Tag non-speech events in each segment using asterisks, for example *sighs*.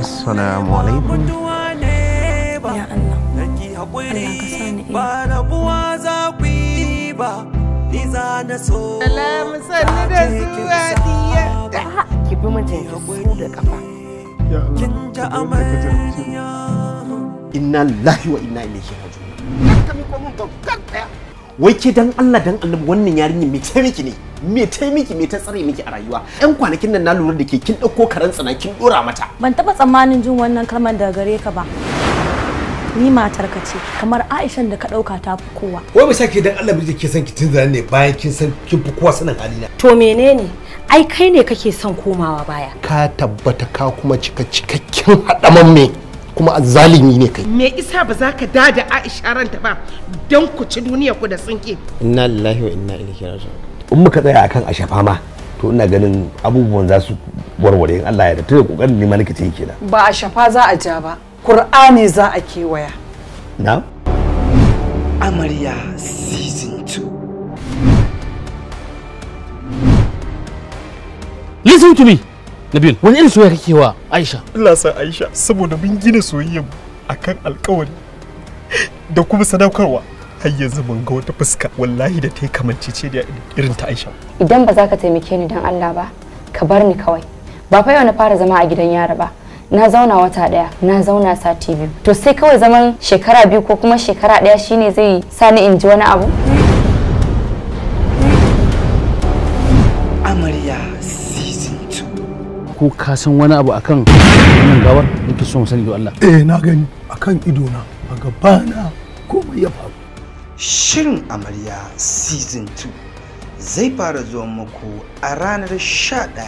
Assalamu alaikum. Ya Allah. Allah ka sani iya. Ba rabuwa za ku yi ba, ni za bi mijin su da kafa. Ya Allah. Kin ta amarya. Inna lillahi wa inna ilaihi raji'un. Ka wai ke dan Allah dan Allah wannan yarinyar me ta miki ne me ta miki me ta tsare miki a rayuwa yan kwanakin nan na lura da ke kin ɗauko karan tsana kin dora mata ban taba tsammanin jin wannan kalmar daga gare ka ba ni matar ka ce kamar Aishan da ka ɗauka ta fi kowa wai ba ke dan Allah da ke san ki tun ne bayan kin san kin fi kowa sanin halina to menene ai kai ne kake son komawa baya ka tabbata ka kuma cika cikakken hadaman me kuma zalimi ne kai me isa ba za ka dada aisha ta ba don ku ci duniya ku da tsinke inna lillahi wa inna ilaihi raji'un in muka tsaya akan ashafa ma to ina ganin abubuwan za su warware in Allah ya yarda da kokarin ne ma nake ce kenan ba ashafa za a ja ba qur'ani za a kewaya na amarya season 2 listen to me Nabil. Wani irin soyayya kake wa Aisha? Allah sa Aisha saboda mun gina soyayya akan alƙawari da kuma sadaukarwa. Har yanzu mun ga wata fuska wallahi da ta yi kamancece da irin ta Aisha. Idan ba za ka taimake ni dan Allah ba, ka bar ni kawai. Ba fa yau na fara zama a gidan yara ba. Na zauna wata ɗaya, na zauna sati biyu. To sai kawai zaman shekara biyu ko kuma shekara ɗaya shine zai sa ni in ji wani abu? Amarya ko ka san wani abu akan wannan gawar nake so mu sani Allah eh na gani akan ido na a gaba na komai ya faru shirin amarya season 2 zai fara zuwa muku a ranar 11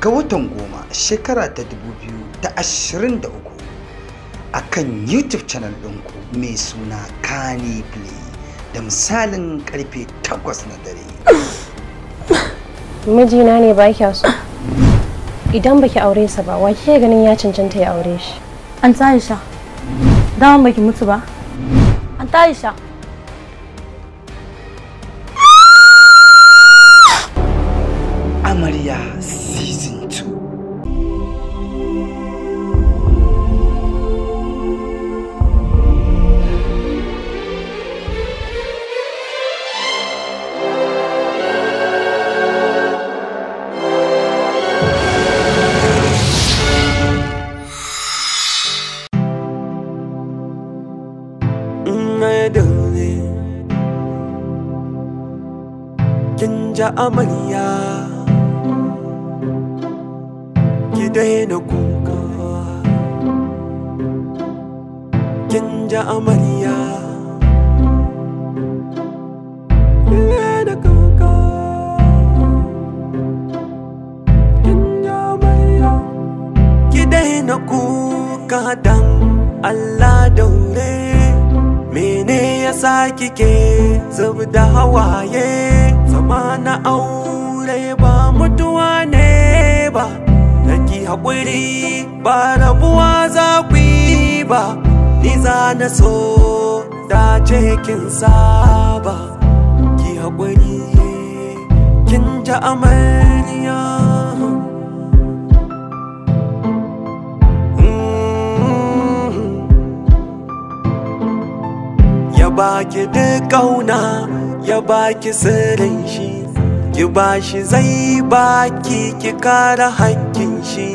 ga watan goma shekara ta 2023 akan youtube channel ɗinku mai suna kani play da misalin karfe 8 na dare mijina ne ba kya so idan baki aure sa ba wa ke ganin ya cancanta ya aure shi an sha. dama baki mutu ba an sha. amarya season 2 amarya ki daina kuka kin ja amarya na kuka dan Allah daure mene ya sa kike zub da hawaye zama na aure ba mutuwa ne ba Naki haƙuri ba rabuwa za ku ba Ni za na so da kin saba Ki haƙuri kin ja amarya mm-hmm. ya baki duk ƙauna ya baki sirrin shi ki bashi zai baki ki kara hakkin shi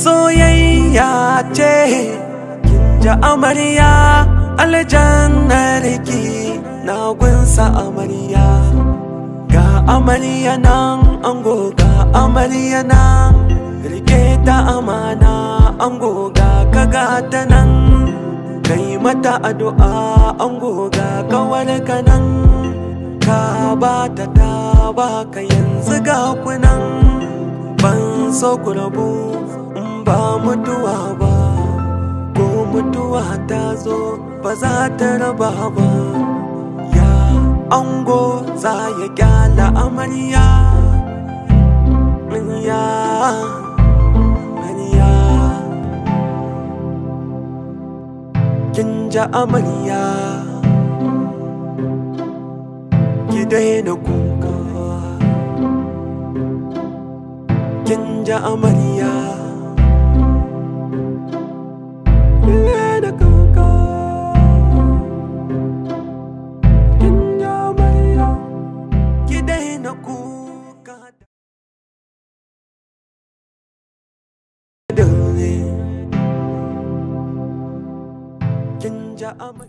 soyayya ce kin ji amarya aljannar ki na gunsa amarya ga amarya nan ango ga amarya nan rike ta amana ango ga kaga ta nan kai mata addu'a an goga kawar kanan ka ba ta ta ba ka yanzu ga kunan ban so ku rabu in ba mutuwa ba ko mutuwa ta zo ba za ta raba ba ya ango za ya kyala amarya ya kin ja amarya ki daina kuka kin ja amarya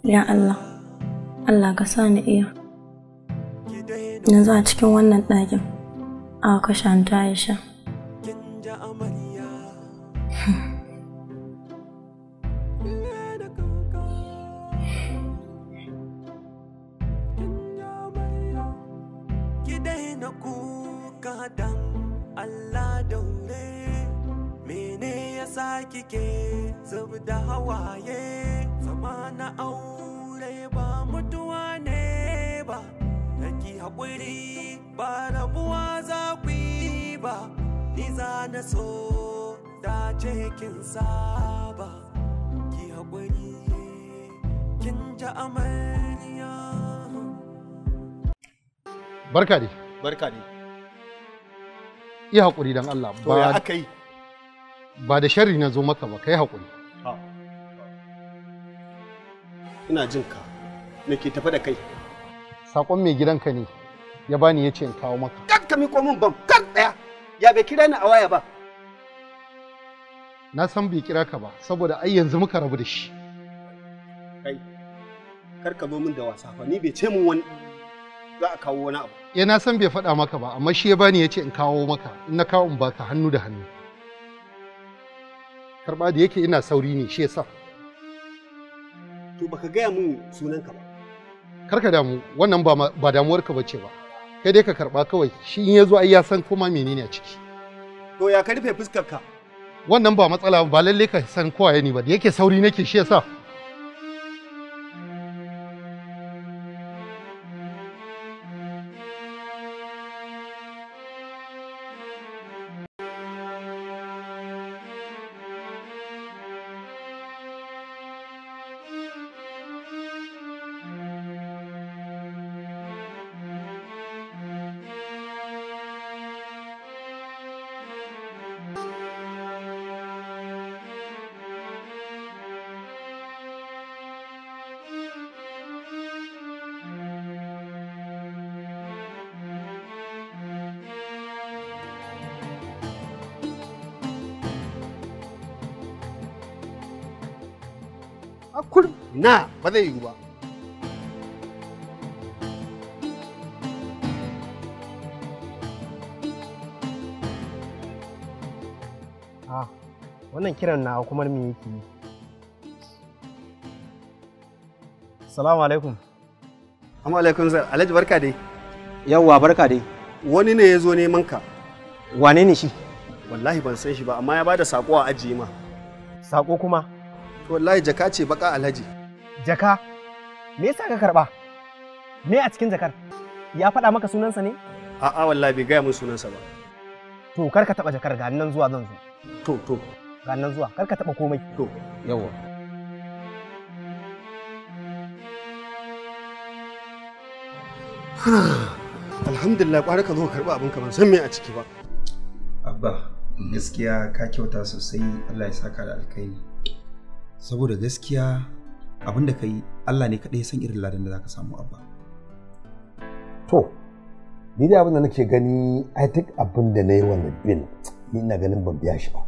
ya Allah Allah ka sa ni iya yanzu a cikin wannan ɗakin a kashe ta Aisha kike zub da hawaye zama na aure hakuri ba rabuwa za ku yi ba ni za na so da ce kin saba ki haƙuri kin ta amarya barka dai barka dai yi haƙuri don Allah ba ya aka yi ba da sharri na zo maka ba kai haƙuri ina jin ka me ke tafi da kai sakon mai gidanka ne ya bani ya ce in kawo maka kar ka miko min bam kar daya. ya bai kira ni a waya ba na san bai kira ka ba saboda ai yanzu muka rabu da shi kai kar ka zo min da wasa fa ni bai ce min wani za a kawo wani abu ya eh, na san bai faɗa maka ba amma shi ya bani ya ce in kawo maka in na kawo in baka hannu da hannu karɓa da yake ina sauri ne shi yasa to baka gaya min sunanka ba Kar ka damu wannan ba damuwarka ba ce ba kai dai ka karɓa kawai shi in ya zo ai ya san koma menene a ciki to ya ka rufe fuskar ka wannan ba matsala ba lallai ka san kowa ne ba da yake sauri nake shi yasa a kullum na ba zai yiwu ba ah, wannan kiran na kuma me yake yi salamu alaikum amma alaikun sir alhaji barka dai yawwa barka dai wani ne ya zo neman ka wane ne shi wallahi ban san shi ba amma ya bada sako a ajiye ma sako kuma wallahi jaka ce baka alhaji jaka me yasa ka karba me a cikin jakar ya faɗa maka sunansa ne a'a wallahi bai gaya min sunansa ba to kar ka taba jakar ga nan zuwa zan zo to to ga nan zuwa kar ka taba komai to yawa *sighs* alhamdulillah kwara ka zo karba abin ban san me a ciki ba abba gaskiya ka kyauta sosai Allah ya saka da alkhairi saboda gaskiya abin da ka yi Allah ne kaɗai san irin ladan da za ka samu abba to ni da abin da nake gani ai duk abin da na yi wani bin ni ina ganin ban biya shi ba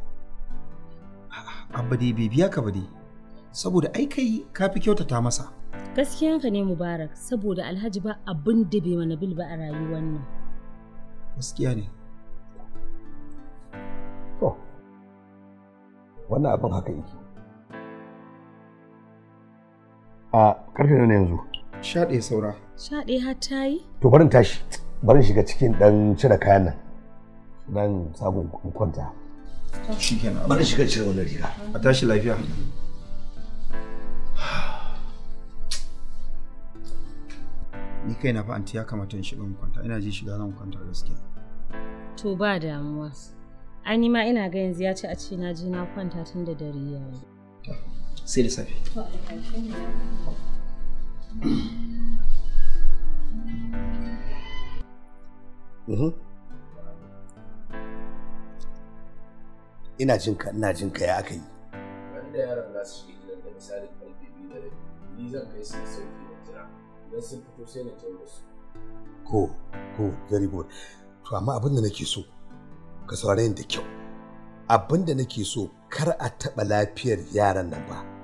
abba dai bai biya ka ba dai saboda ai kai ka fi kyautata masa ka ne mubarak saboda alhaji ba abin da bai mana bil ba a rayuwar nan gaskiya ne to wannan abin haka yake a karfe ne yanzu Shaɗe saura Shaɗe har ta yi to barin tashi barin shiga cikin ɗan cire kayan nan dan sabon kwanta shi kenan barin shiga cire wani riga a tashi lafiya ni kai na fa'anti ya kamata in shiga in kwanta ina ji shiga zan kwanta gaske. to ba damuwa ani ma ina ga yanzu ya ci a ce na je na kwanta tun da dare yayi sai da safe mhm. ina jin ka ina jin ka ya aka yi wanda yaran za su shiga gidan da misali karfe biyu da rai, ni zan kai su sauki na jira idan sun fito sai na tauro su ko ko very good to amma abin da nake so ka saurayin da kyau abin da nake so kar a taɓa lafiyar yaran nan ba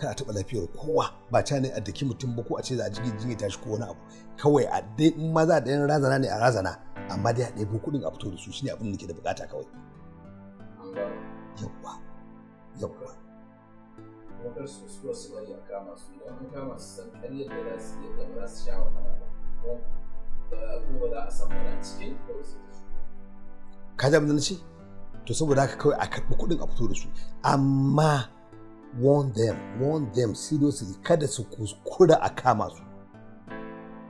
ka a taɓa lafiyar kowa ba ca ne a daki mutum ba ko a ce za a jigin jini tashi ko wani abu kawai a dai in ma za a razana ne a razana amma dai a ɗaya kuɗin a fito da su ne abin da ke da bukata kawai. yawwa yawwa. wakar su suwa bari a kama su kama su san da za su yi da za su sha eh, ba za a cikin su. ka ji abin da na ce to saboda haka kawai a karɓi kuɗin a fito da su amma warn them warn them seriously kada su kuskura a kama su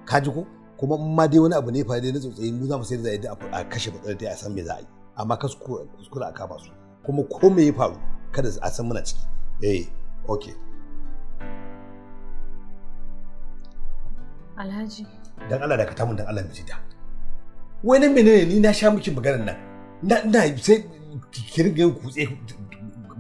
kaji ko kuma ma dai wani abu ne fa dai na tsotsayi mu za mu sai da yadda a kashe matsalar dai a san me za a yi amma ka kuskura a kama su kuma ko me ya faru kada a san muna ciki eh okay Alhaji. Dan Allah da ka tamun dan Allah miji da Wai nan menene ni na sha miki maganar nan. Na na sai ki ringa kutse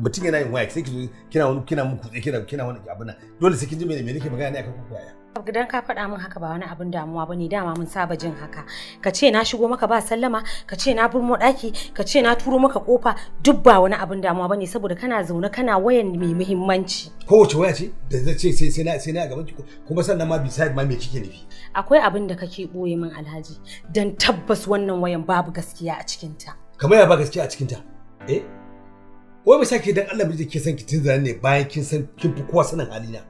mutum yana yin waya sai ki kina wani kina muku kina kina wani abin nan dole sai kin ji me nake magana ne akan ku yaya gidan ka faɗa min haka ba wani abin damuwa bane dama mun saba jin haka ka ce na shigo maka ba sallama ka ce na burmo ɗaki ka ce na turo maka kofa duk ba wani abin damuwa bane saboda kana zaune kana wayan mai muhimmanci kowace waya ce da zai ce sai sai na sai na gaban ki kuma sannan ma beside ma me kike nufi akwai abin da kake boye min alhaji dan tabbas wannan wayan babu gaskiya a cikinta kamar ya ba gaskiya a cikinta eh wai ba shaki dan Allah miji ke san ki tun ne bayan kin san kin fi kowa sanin halina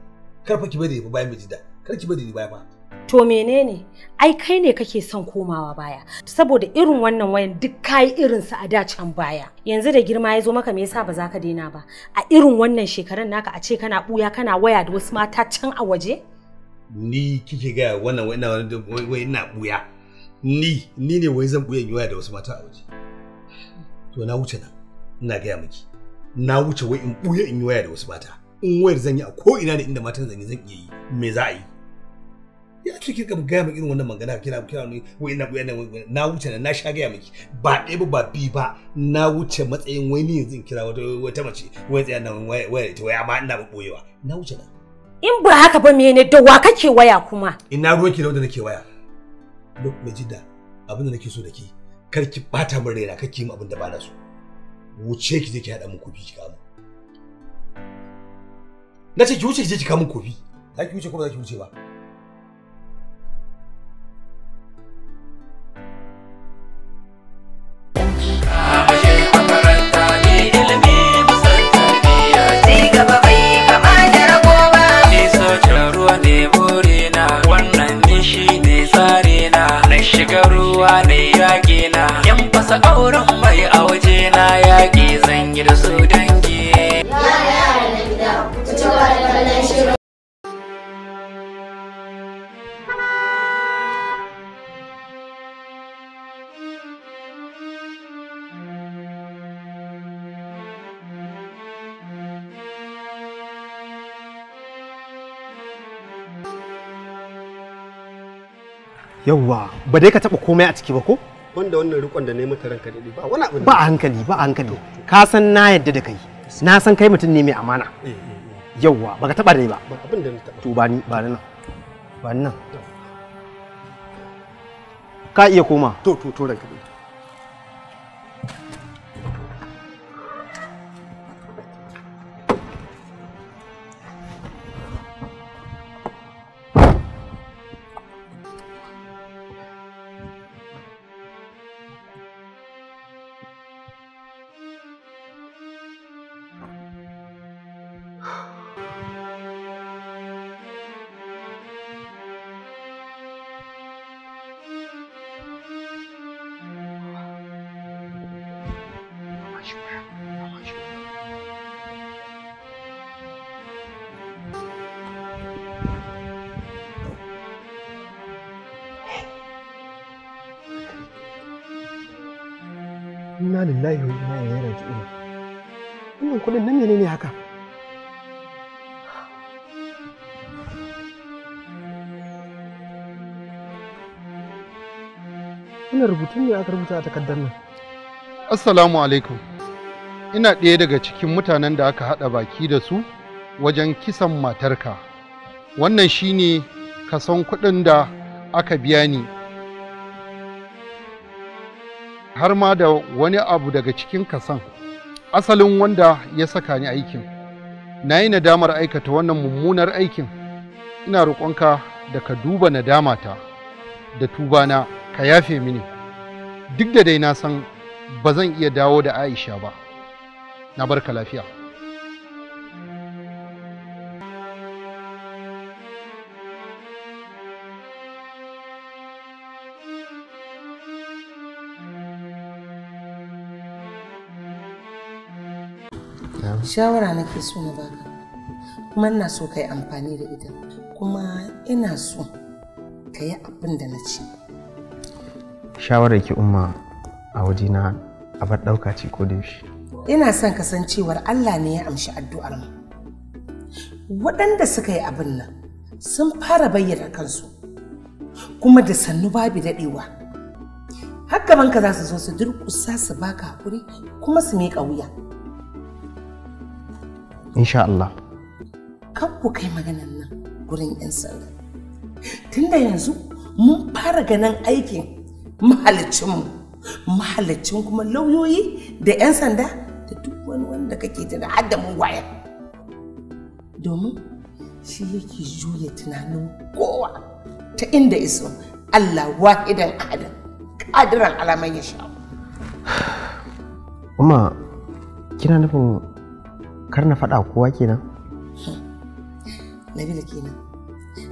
kar fa ki bari ba bayan miji da kar ki bari baya ba to menene ai kai ne kake son komawa baya saboda irin wannan wayan duk kai irin sa a da can baya yanzu da girma ya zo maka me yasa ba za ka daina ba a irin wannan shekaran naka a ce kana buya kana waya da wasu mata can a waje ni kike ga wannan wayan ina wayan ina buya ni ni ne wai zan buya waya da wasu mata a waje to na wuce na ina gaya miki na wuce wai in buya in yi waya da wasu mata in wayar zan yi a ko ina ne inda matan zan yi zan iya yi me za a yi ya ce ki ga gaya min irin wannan magana kira kira ni wai ina buya na wuce na na sha gaya miki ba ɗaya ba ba bi ba na wuce matsayin wai ni yanzu in kira wata wata mace wai tsaya nan waya ita waya amma ina ba boyewa na wuce na in ba haka ba me ne da wa kake waya kuma ina ruwa ki da wanda nake waya lokacin jidda abin da nake so da ki kar ki bata min raina kake yin abin da ba na so wuce ki je ki haɗa mu kofi ki kama na ki wuce ki je ki kama kofi za ki wuce ko ba za ki wuce ba yawwa ba dai ka taba komai a ciki ba ko wanda wannan rikon da na maka ranka daɗi ba wani abin ba hankali ba hankali ka san na yadda da kai na san kai mutum ne mai amana eh, eh, eh. ba ka taba dai ba ba abin da ni taba to ba ni ba nan ba nan ka iya koma to to to ranka dai lillahi wa inna ilaihi ina wannan kudin nan menene haka wannan rubutun ne aka rubuta a takardar nan assalamu alaikum ina ɗaya daga cikin mutanen da aka haɗa baki da su wajen kisan matarka wannan shine kason kuɗin da aka biya ni har ma da wani abu daga cikin kasan asalin wanda ya saka ni aikin na yi nadamar aikata wannan mummunar aikin ina roƙonka da ka duba nadama ta, da tuba na ka yafe mini duk da dai na san ba zan iya dawo da aisha ba na barka lafiya shawara nake so na baka kuma ina so ka yi amfani da ita kuma ina so ka yi abin da na ce shawarar ki umma a wajena a bar ɗauka ce ko da yaushe ina son kasancewar allah ne ya amshi addu'ar mu waɗanda suka yi abin nan sun fara bayyana kansu kuma da sannu babu daɗewa har gabanka za su zo su durƙusa su baka hakuri kuma su mika wuya insha Allah kan ku kai maganan nan gurin 'yan sanda tunda yanzu mun fara ganin aikin mahalicinmu mahalicin kuma lauyoyi da 'yan sanda da duk wani wanda kake tana hadda mun waya domin shi yake juya tunanin kowa ta inda iso Allah wahidan adam kadiran alaman ya sha. Umma, kina nufin kar na faɗa kowa kenan nabila kenan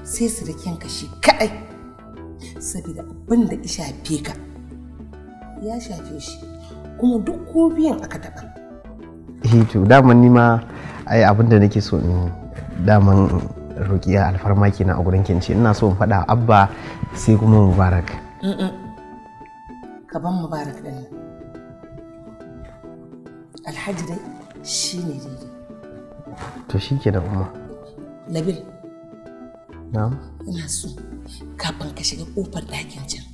sai su da kyan shi kaɗai saboda abin da shafe ka ya shafe shi kuma duk ko biyan aka taɓa eh to daman ni ma ai abin da nake so in daman roƙi alfarma kenan a gurin kinci ina so in faɗa abba sai kuma mubarak ban mubarak ɗin alhaji dai shi ne daidai to shi ke da kuma. nabil na ina so kafin ka shiga kofar ɗakin can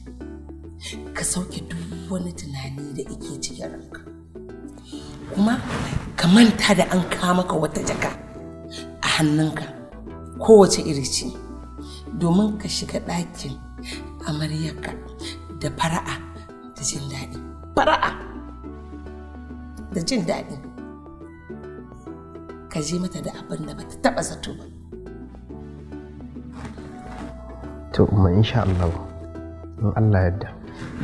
ka sauke duk wani tunani da yake cikin ranka kuma ka manta da an kama ka wata jaka a hannunka kowace iri ce domin ka shiga ɗakin amaryarka da fara'a da jin daɗi fara'a da jin daɗi ka je mata da abin da bata taba zato ba to umma insha Allah in Allah yarda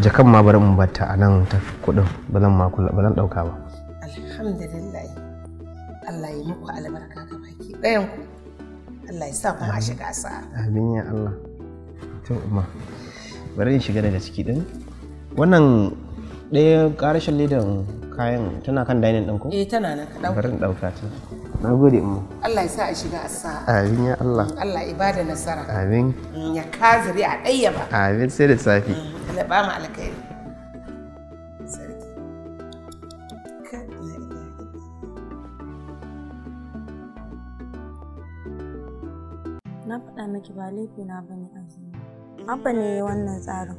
jakan ma bari mun bata a nan ta kudin ba zan ma kula ba dauka ba alhamdulillah Allah ya muku albarka ga baki ɗayan ku Allah ya sa ku a shiga sa amin ya Allah to umma bari in shiga daga ciki din wannan ɗaya ƙarashin ledan kayan tana kan dining ɗin ko? eh tana nan ka ɗauka bari in ɗauka ta na gode mu Allah ya sa a shiga asa amin ya Allah Allah ibada nasara amin mm, ya kaziri a ɗaya ba amin sai da safi mm, Allah ba mu alkhairi na faɗa miki ba laifi na bane azumi abba ne wannan tsarin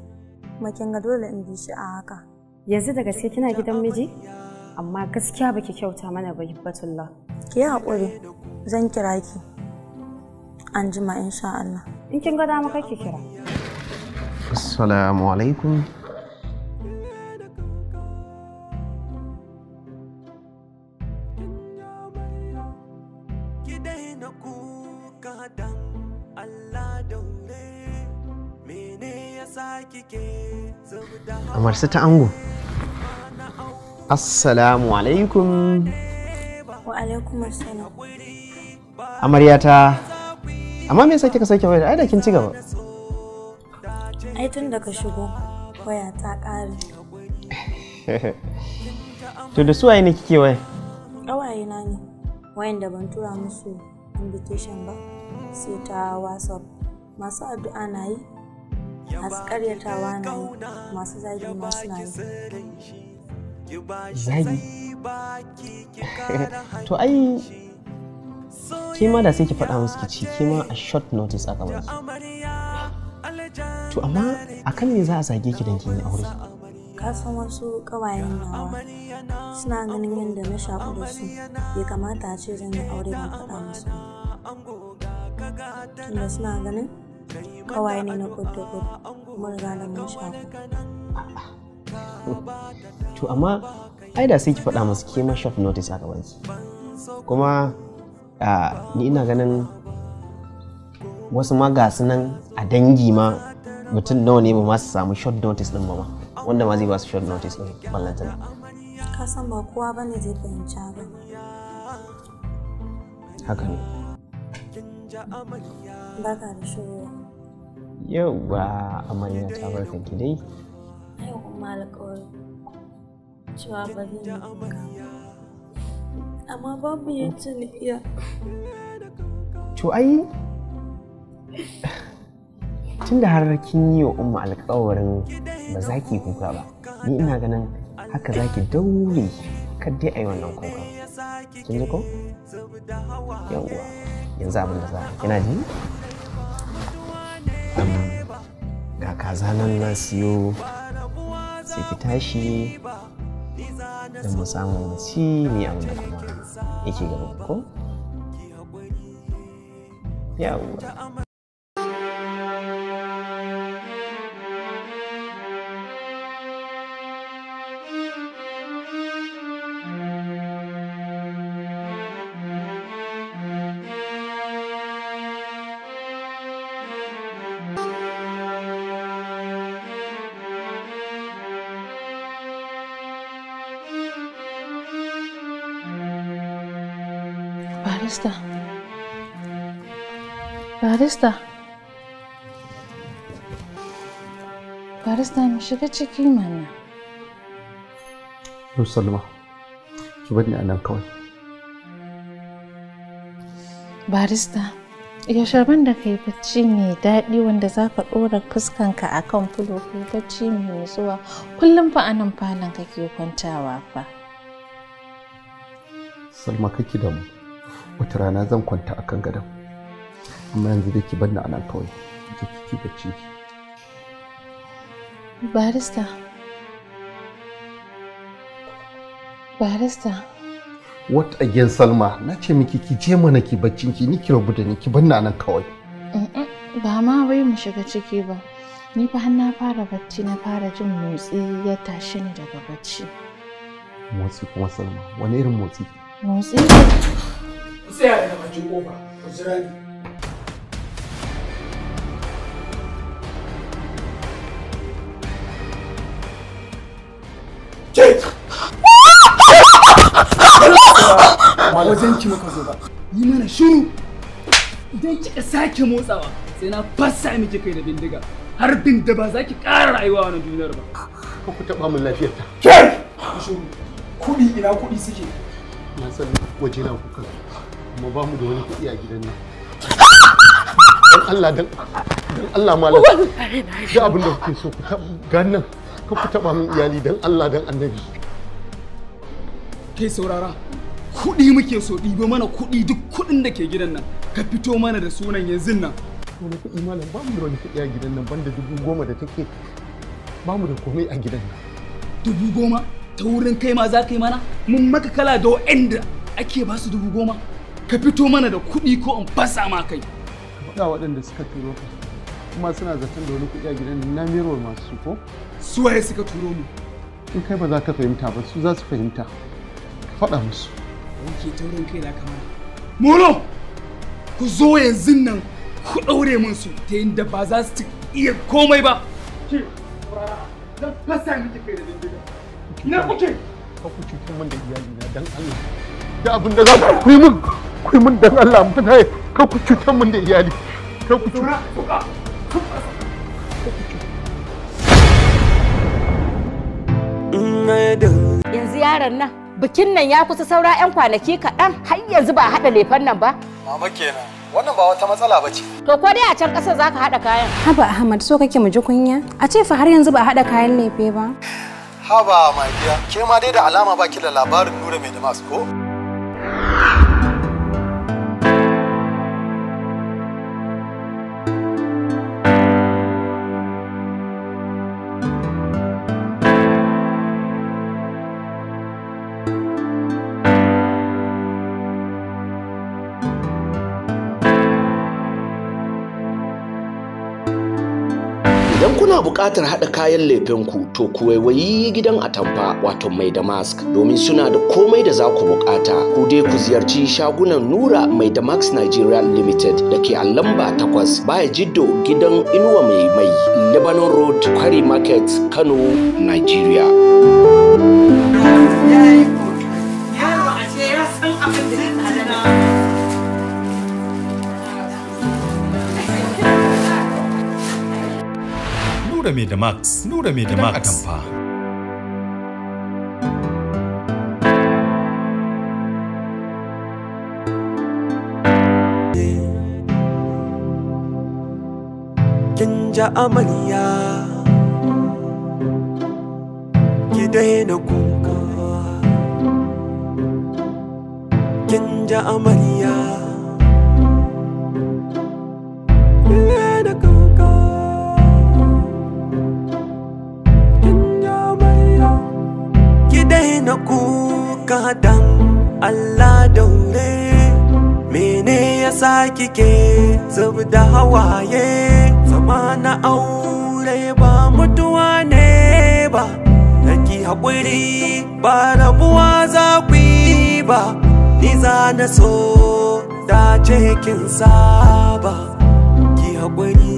kuma kin ga dole in bi shi a haka yanzu da gaske kina gidan miji amma gaskiya baki kyauta mana ba hibbatullah ki yi haƙuri zan kira ki an jima insha Allah in kin ga dama kake kira assalamu alaikum Amarsu ta ango. Assalamu alaikum. alaikum assalam. Amaryata, amma me sake kika sake wayar? Ai da kin ci gaba. Ai tun da ka shigo waya ta kare. *laughs* to da su waye ne kike waya? Ƙawaye na ne, wayanda ban tura musu invitation ba, sai ta WhatsApp. Masu addu'a na yi, masu ƙaryatawa na yi, masu zagi masu na yi. Zagi? *laughs* to ai ke ma da sai ki faɗa musu ki ci ke ma a short notice aka ba to amma akan me za a zage ki dan kin yi aure ka san wasu kawayen nawa suna ganin yadda na shafu da su ya kamata a ce zan yi aure ban faɗa musu tunda suna ganin kawaye ne na kudu mun riga da mun shaku to amma ai da sai ki faɗa masu ke ma notice a ki kuma ni ina ganin wasu ma ga nan a dangi ma mutum nawa ne ba ma su samu short notice din ba ma wanda ma zai ba su short notice din tana ka san ba kowa ba ne zai fahimci ba. haka ne ba ka da shiru yau ba amarya ta barka ki dai yau kuma alƙawari cewa ba zan yi amma babu yadda na iya to ai tun da har kin yi wa umma alkawarin ba za ki kuka ba ni ina ganin haka za ki daure kar dai a yi wannan kuka kin ji ko yawwa yanzu abin da za a kina ji ga kaza nan na siyo sai ki tashi don mu samu ci ne abin da kuma yake gaban ko yawwa Barista. Barista. Barista mu shiga ciki mana. Yau Salma, ki bani a nan kawai. Barista, ya sharban da kai bacci mai daɗi wanda za ka ɗora fuskanka a kan fulo ko bacci mai nutsuwa kullum fa a nan falon kake kwantawa fa. Salma kake da mu. wata rana zan kwanta akan gadon amma yanzu da ke banna a nan kawai kike ki ci barista barista what again salma na ce miki ki je mana ki baccin ki ni ki rabu da ni ki banna nan kawai ba ma wai mu shiga ciki ba ni fa har na fara bacci na fara jin motsi ya tashi ni daga bacci motsi kuma salma wani irin motsi motsi tsaya daga bakin kofa ku jira ni ba wajen ki muka zo ba yi mana shiru idan kika sake motsawa sai na fasa miki kai da bindiga har binda ba za ki ƙara rayuwa wani duniyar ba ka ku taɓa min ke shiru kuɗi ina kuɗi suke na san waje na kuka kuma ba mu da wani kuɗi a gidan nan dan Allah Allah malam da abin da kuke so ku nan ka ku min iyali Allah annabi kai saurara kuɗi muke so ɗibo mana kuɗi duk kuɗin da ke gidan nan ka fito mana da sunan yanzu nan wani kuɗi malam ba mu da wani kuɗi a gidan nan banda dubu goma da take ba mu da komai a gidan nan dubu goma ta wurin kai ma za ka yi mana mun maka kala da wa'anda ake ba su dubu goma ka fito mana da kuɗi ko in fasa ma kai ga waɗanda suka turo ka kuma suna zaton da wani kuɗi a gidan na mirror masu ko su waye suka turo mu in kai ba za ka fahimta ba su za su fahimta faɗa musu wanke taurin kai da kamar molo ku zo yanzu nan ku ɗaure min su ta yadda ba za su iya komai ba ke zan fasa miki kai da dindiga ina kuke ka kuke kuma da da iyalina dan Allah da abin da za ku yi min kai mun dan Allah mun haye ka ku cutar mun da iyali ka ku cutar yanzu yaran nan bikin nan ya kusa saura 'yan kwanaki kaɗan har yanzu ba haɗa lefan nan ba mama kenan wannan ba wata matsala ba ce. To ko dai a can ƙasar za ka haɗa kayan. Haba Ahmad so kake mu ji kunya? A ce fa har yanzu ba haɗa kayan lefe ba. Haba my dear, ke ma dai da alama ba ki da labarin Nura mai da ko? buƙatar haɗa kayan ku to ku waiwayi gidan atamfa wato mai damask domin suna da komai da za ku buƙata ku dai ku ziyarci shagunan nura mai damask nigeria limited da ke a lamba takwas baya jiddo gidan inuwa mai mai lebanon road kwari market kano nigeria. Nura mai da Max, Nura mai da Max. atamfa. Kin ja amarya, ki daina kuka. Kin ja amarya. na kuka dan Allah daure mene ya sa kike zub da hawaye zama na aure ba mutuwa ne ba naki haƙuri ba rabuwa za ku ba ni za na so da ce kin saba ki haƙuri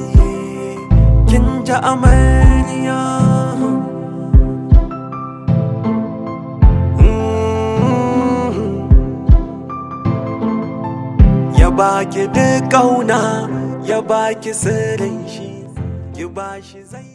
kin ji amarya baki duk kauna ya baki sirin shi ki bashi zai